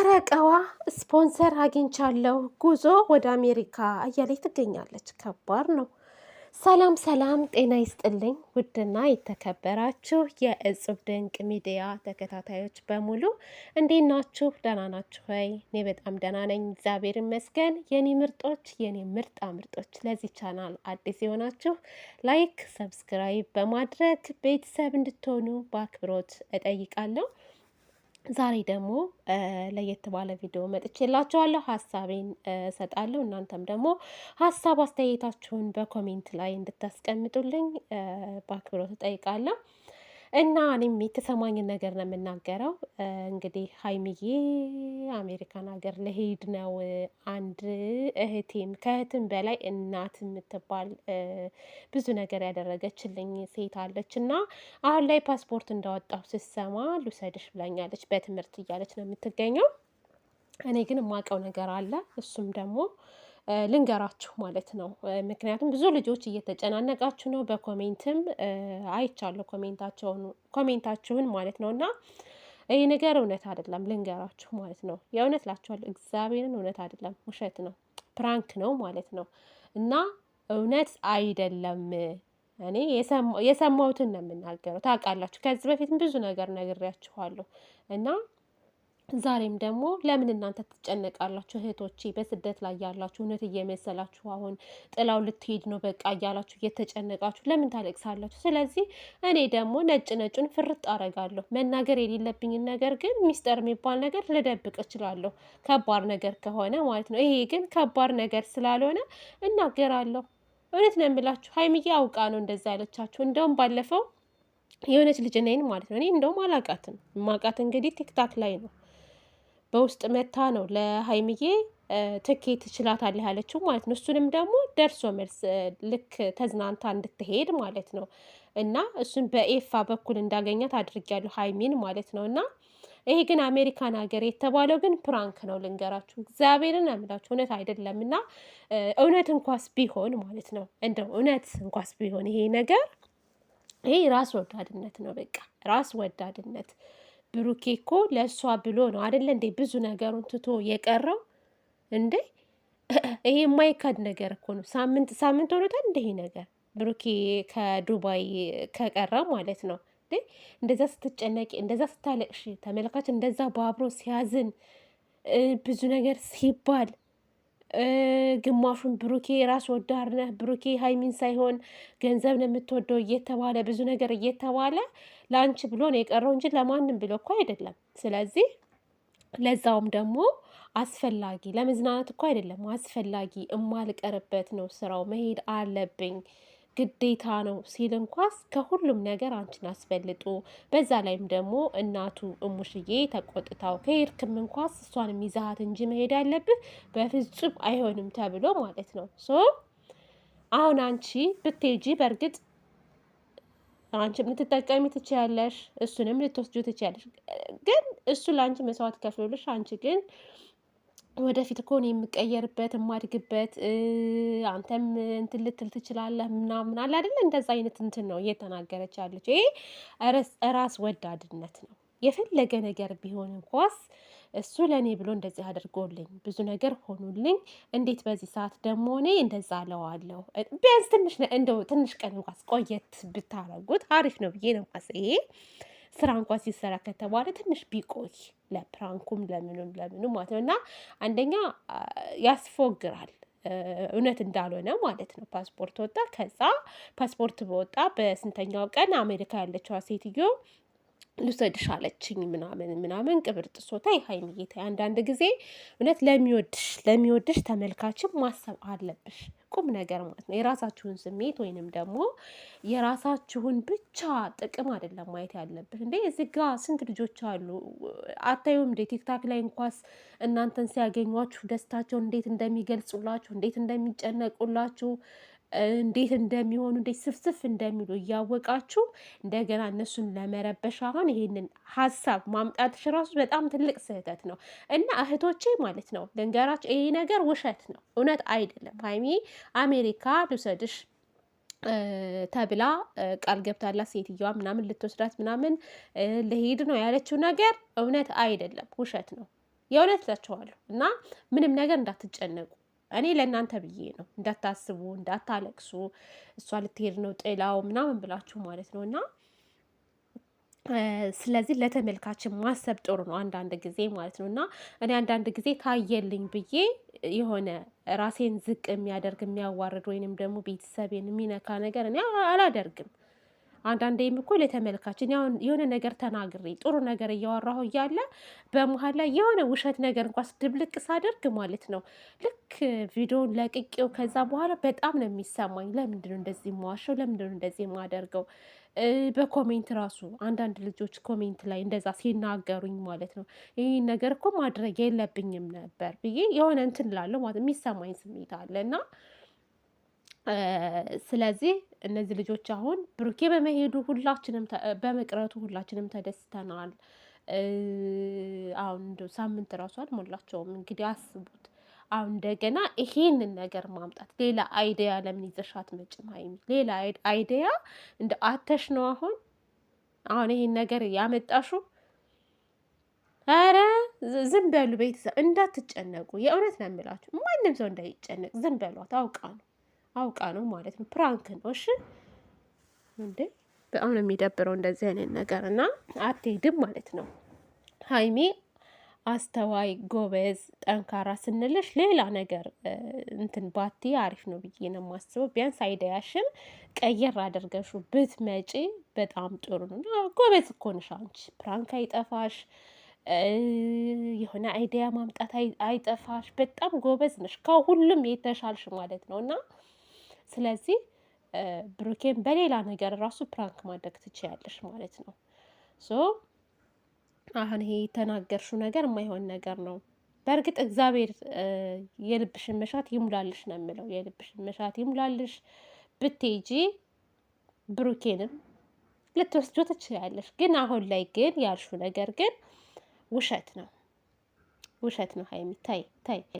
ጨረቃዋ ስፖንሰር አግኝቻለሁ ጉዞ ወደ አሜሪካ እያለች ትገኛለች። ከባድ ነው። ሰላም ሰላም፣ ጤና ይስጥልኝ ውድና የተከበራችሁ የእጽብ ድንቅ ሚዲያ ተከታታዮች በሙሉ እንዴት ናችሁ? ደህና ናችሁ ወይ? እኔ በጣም ደህና ነኝ፣ እግዚአብሔር ይመስገን። የኔ ምርጦች፣ የኔ ምርጣ ምርጦች፣ ለዚህ ቻናል አዲስ የሆናችሁ ላይክ፣ ሰብስክራይብ በማድረግ ቤተሰብ እንድትሆኑ በአክብሮት እጠይቃለሁ። ዛሬ ደግሞ ለየት ባለ ቪዲዮ መጥቼላችኋለሁ። ሀሳቤን እሰጣለሁ። እናንተም ደግሞ ሀሳብ አስተያየታችሁን በኮሜንት ላይ እንድታስቀምጡልኝ በአክብሮት እጠይቃለሁ። እና እኔም የተሰማኝን ነገር ነው የምናገረው። እንግዲህ ሀይሚዬ አሜሪካን ሀገር ለሄድ ነው አንድ እህቴም ከእህትም በላይ እናት የምትባል ብዙ ነገር ያደረገችልኝ ሴት አለች እና አሁን ላይ ፓስፖርት እንዳወጣሁ ስሰማ ልውሰድሽ ብላኛለች። በትምህርት እያለች ነው የምትገኘው። እኔ ግን የማውቀው ነገር አለ እሱም ደግሞ ልንገራችሁ ማለት ነው። ምክንያቱም ብዙ ልጆች እየተጨናነቃችሁ ነው። በኮሜንትም አይቻለሁ ኮሜንታችሁን ማለት ነው እና ይህ ነገር እውነት አይደለም ልንገራችሁ ማለት ነው። የእውነት ላችኋል፣ እግዚአብሔርን እውነት አይደለም፣ ውሸት ነው፣ ፕራንክ ነው ማለት ነው እና እውነት አይደለም። እኔ የሰማሁትን ነው የምናገረው። ታውቃላችሁ ከዚህ በፊትም ብዙ ነገር ነግሬያችኋለሁ እና ዛሬም ደግሞ ለምን እናንተ ትጨነቃላችሁ እህቶቼ? በስደት ላይ ያላችሁ እውነት እየመሰላችሁ አሁን ጥላው ልትሄድ ነው በቃ እያላችሁ እየተጨነቃችሁ ለምን ታለቅሳላችሁ? ስለዚህ እኔ ደግሞ ነጭ ነጩን ፍርጥ አረጋለሁ። መናገር የሌለብኝን ነገር ግን ሚስጠር የሚባል ነገር ልደብቅ እችላለሁ፣ ከባድ ነገር ከሆነ ማለት ነው። ይሄ ግን ከባድ ነገር ስላልሆነ እናገራለሁ። እውነት ነው የምላችሁ። ሀይምዬ አውቃ ነው እንደዛ ያለቻችሁ። እንደውም ባለፈው የሆነች ልጅ ነይን ማለት ነው። እኔ እንደውም አላቃትም። ማቃት እንግዲህ ቲክታክ ላይ ነው በውስጥ መታ ነው ለሀይሚዬ ትኬት ትችላታለህ ያለችው ማለት ነው። እሱንም ደግሞ ደርሶ መልስ ልክ ተዝናንታ እንድትሄድ ማለት ነው። እና እሱን በኤፋ በኩል እንዳገኛት አድርጊያለሁ ሀይሚን ማለት ነው። እና ይሄ ግን አሜሪካን ሀገር የተባለው ግን ፕራንክ ነው ልንገራችሁ፣ እግዚአብሔርን አምላችሁ እውነት አይደለም። እና እውነት እንኳስ ቢሆን ማለት ነው እንደው እውነት እንኳስ ቢሆን ይሄ ነገር ይሄ ራስ ወዳድነት ነው። በቃ ራስ ወዳድነት ብሩኬ እኮ ለእሷ ብሎ ነው አደለ እንዴ? ብዙ ነገሩን ትቶ የቀረው እንዴ? ይሄ የማይካድ ነገር እኮ ነው። ሳምንት ሳምንት ሆኖታል እንደ ይሄ ነገር ብሩኬ ከዱባይ ከቀረ ማለት ነው። እንደዛ ስትጨነቂ፣ እንደዛ ስታለቅሽ፣ ተመልካች እንደዛ በአብሮ ሲያዝን ብዙ ነገር ሲባል ግማሹን ብሩኬ ራስ ወዳድ ነህ፣ ብሩኬ ሀይሚን ሳይሆን ገንዘብ ነው የምትወደው እየተባለ ብዙ ነገር እየተባለ ለአንቺ ብሎ ነው የቀረው እንጂ ለማንም ብሎ እኮ አይደለም። ስለዚህ ለዛውም ደግሞ አስፈላጊ ለመዝናናት እኮ አይደለም፣ አስፈላጊ እማልቀርበት ነው ስራው መሄድ አለብኝ ግዴታ ነው ሲል እንኳስ ከሁሉም ነገር አንቺን አስፈልጡ። በዛ ላይም ደግሞ እናቱ እሙሽዬ ተቆጥታው ከሄድክም እንኳስ እሷን ይዛሃት እንጂ መሄድ ያለብህ በፍጹም አይሆንም ተብሎ ማለት ነው። ሶ አሁን አንቺ ብትሄጂ በእርግጥ አንቺ ልትጠቀሚ ትችያለሽ፣ እሱንም ልትወስጁ ትችያለሽ። ግን እሱ ለአንቺ መስዋዕት ከፍሎልሽ አንቺ ግን ወደፊት እኮ የምቀየርበት የማድግበት አንተም እንትን ልትል ትችላለህ ምናምን አለ አይደለ? እንደዛ አይነት እንትን ነው እየተናገረች ያለች። ይሄ ራስ ወዳድነት ነው። የፈለገ ነገር ቢሆን እንኳስ እሱ ለእኔ ብሎ እንደዚህ አድርጎልኝ ብዙ ነገር ሆኖልኝ፣ እንዴት በዚህ ሰዓት ደግሞ እኔ እንደዛ አለዋለሁ? ቢያንስ ትንሽ እንደው ትንሽ ቀን እንኳስ ቆየት ብታረጉት አሪፍ ነው ብዬ ነው። ይሄ ስራ እንኳን ሲሰራ ከተባለ ትንሽ ቢቆይ ለፕራንኩም ለምኑም ለምኑም ማለት ነው እና አንደኛ ያስፎግራል እውነት እንዳልሆነ ማለት ነው። ፓስፖርት ወጣ። ከዛ ፓስፖርት በወጣ በስንተኛው ቀን አሜሪካ ያለችዋ ሴትዮ ልውሰድሽ አለችኝ ምናምን ምናምን ቅብር ጥሶታ ይሀይን ጌታ አንዳንድ ጊዜ እውነት ለሚወድሽ ለሚወድሽ ተመልካችም ማሰብ አለብሽ። ቁም ነገር ማለት ነው። የራሳችሁን ስሜት ወይንም ደግሞ የራሳችሁን ብቻ ጥቅም አይደለም ማየት ያለብሽ። እንዴ እዚህ ጋ ስንት ልጆች አሉ አታዩም እንዴ? ቲክታክ ላይ እንኳስ እናንተን ሲያገኟችሁ ደስታቸውን እንዴት እንደሚገልጹላችሁ፣ እንዴት እንደሚጨነቁላችሁ እንዴት እንደሚሆኑ እንዴት ስፍስፍ እንደሚሉ እያወቃችሁ እንደገና እነሱን ለመረበሽ አሁን ይሄንን ሀሳብ ማምጣትሽ ራሱ በጣም ትልቅ ስህተት ነው እና እህቶቼ ማለት ነው ልንገራችሁ፣ ይሄ ነገር ውሸት ነው፣ እውነት አይደለም። ሀይሚ አሜሪካ ልውሰድሽ ተብላ ቃል ገብታላት ሴትዮዋ ምናምን ልትወስዳት ምናምን ልሄድ ነው ያለችው ነገር እውነት አይደለም፣ ውሸት ነው። የእውነት እላችኋለሁ እና ምንም ነገር እንዳትጨነቁ እኔ ለእናንተ ብዬ ነው እንዳታስቡ፣ እንዳታለቅሱ እሷ ልትሄድ ነው ጥላው ምናምን ብላችሁ ማለት ነው እና ስለዚህ ለተመልካችን ማሰብ ጥሩ ነው፣ አንዳንድ ጊዜ ማለት ነው እና እኔ አንዳንድ ጊዜ ታየልኝ ብዬ የሆነ ራሴን ዝቅ የሚያደርግ የሚያዋርድ ወይንም ደግሞ ቤተሰቤን የሚነካ ነገር እኔ አላደርግም። አንዳንዴም እኮ ለተመልካችን የሆነ ነገር ተናግሬ ጥሩ ነገር እያወራሁ እያለ በመሀል ላይ የሆነ ውሸት ነገር እንኳስ ድብልቅ ሳደርግ ማለት ነው ልክ ቪዲዮን ለቅቄው ከዛ በኋላ በጣም ነው የሚሰማኝ። ለምንድነው እንደዚህ የማዋሸው? ለምንድነው እንደዚህ የማደርገው? በኮሜንት ራሱ አንዳንድ ልጆች ኮሜንት ላይ እንደዛ ሲናገሩኝ ማለት ነው ይህን ነገር እኮ ማድረግ የለብኝም ነበር ብዬ የሆነ እንትን ላለው ማለት የሚሰማኝ ስሜት አለ እና ስለዚህ እነዚህ ልጆች አሁን ብሩኬ በመሄዱ ሁላችንም በመቅረቱ ሁላችንም ተደስተናል። አሁን ሳምንት ራሱ አልሞላቸውም። እንግዲህ አስቡት። አሁን እንደገና ይሄንን ነገር ማምጣት ሌላ አይዲያ ለምን ይዘሻት መጭም ሀይሚ፣ ሌላ አይዲያ እንደ አተሽ ነው አሁን አሁን ይሄን ነገር ያመጣሹ። አረ ዝም በሉ ቤተሰብ፣ እንዳትጨነቁ። የእውነት ነው የምላችሁ፣ ማንም ሰው እንዳይጨነቅ ዝም በሏት። አውቃ ነው አውቃ ነው ማለት ነው። ፕራንክ ነው። እሺ እንዴ! በጣም ነው የሚደብረው እንደዚህ አይነት ነገር እና አትሄድም ማለት ነው ሀይሜ አስተዋይ፣ ጎበዝ፣ ጠንካራ ስንልሽ ሌላ ነገር እንትን ባቲ አሪፍ ነው ብዬ ነው የማስበው። ቢያንስ አይዲያሽን ቀየር አድርገሹ መጪ በጣም ጥሩ ነው። ጎበዝ እኮ ነሽ አንቺ። ፕራንክ አይጠፋሽ፣ የሆነ አይዲያ ማምጣት አይጠፋሽ። በጣም ጎበዝ ነሽ፣ ከሁሉም የተሻልሽ ማለት ነው እና ስለዚህ ብሩኬን በሌላ ነገር ራሱ ፕራንክ ማድረግ ትችያለሽ ማለት ነው። ሶ አሁን ይሄ የተናገርሽው ነገር የማይሆን ነገር ነው። በእርግጥ እግዚአብሔር የልብሽን መሻት ይሙላልሽ ነው የምለው። የልብሽን መሻት ይሙላልሽ። ብትሄጂ ብሩኬንም ልትወስጆ ትችላለሽ። ግን አሁን ላይ ግን ያልሹ ነገር ግን ውሸት ነው፣ ውሸት ነው። ሀይሚ ታይ ታይ